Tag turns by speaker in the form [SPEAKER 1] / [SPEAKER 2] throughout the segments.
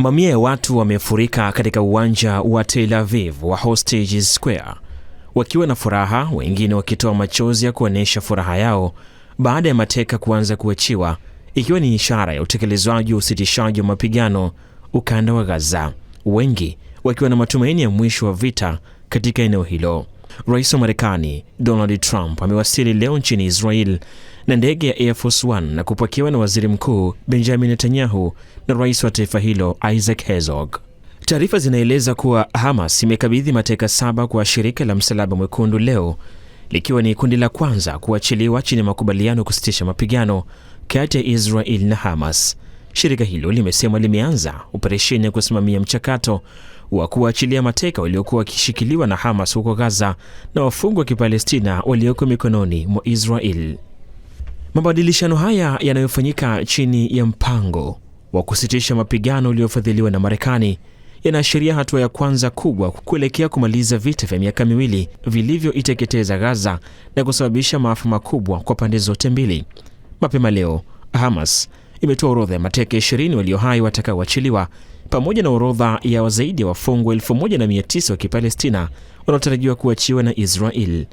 [SPEAKER 1] Mamia ya watu wamefurika katika uwanja wa Tel Aviv wa Hostages Square wakiwa na furaha, wengine wakitoa machozi ya kuonyesha furaha yao baada ya mateka kuanza kuachiwa, ikiwa ni ishara ya utekelezwaji wa usitishaji wa mapigano ukanda wa Gaza, wengi wakiwa na matumaini ya mwisho wa vita katika eneo hilo. Rais wa Marekani Donald Trump amewasili leo nchini Israel na ndege ya Air Force One na kupakiwa na Waziri Mkuu Benjamin Netanyahu na rais wa taifa hilo Isaac Herzog. Taarifa zinaeleza kuwa Hamas imekabidhi mateka saba kwa shirika la Msalaba Mwekundu leo likiwa ni kundi la kwanza kuachiliwa chini ya makubaliano kusitisha mapigano kati ya Israel na Hamas. Shirika hilo limesema limeanza operesheni ya kusimamia mchakato wa kuachilia mateka waliokuwa wakishikiliwa na Hamas huko Gaza na wafungwa wa Kipalestina walioko mikononi mwa Israel. Mabadilishano haya yanayofanyika chini ya mpango wa kusitisha mapigano uliofadhiliwa na Marekani yanaashiria hatua ya kwanza kubwa kuelekea kumaliza vita vya miaka miwili vilivyoiteketeza Gaza na kusababisha maafa makubwa kwa pande zote mbili. Mapema leo, Hamas imetoa orodha ya mateka 20 walio hai watakaoachiliwa pamoja na orodha ya zaidi ya wafungwa 1900 wa Kipalestina wanaotarajiwa kuachiwa na Israel.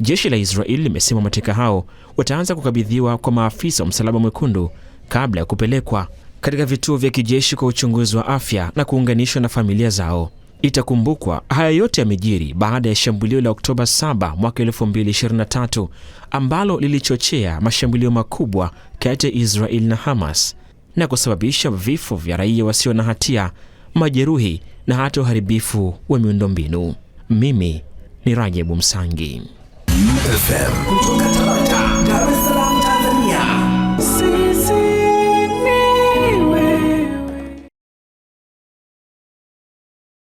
[SPEAKER 1] Jeshi la Israeli limesema mateka hao wataanza kukabidhiwa kwa maafisa wa Msalaba Mwekundu kabla ya kupelekwa katika vituo vya kijeshi kwa uchunguzi wa afya na kuunganishwa na familia zao. Itakumbukwa haya yote yamejiri baada ya shambulio la Oktoba 7 mwaka 2023 ambalo lilichochea mashambulio makubwa kati ya Israeli na Hamas na kusababisha vifo vya raia wasio na hatia, majeruhi na hata uharibifu wa miundombinu. Mimi ni Rajebu Msangi. FM Dar es Salaam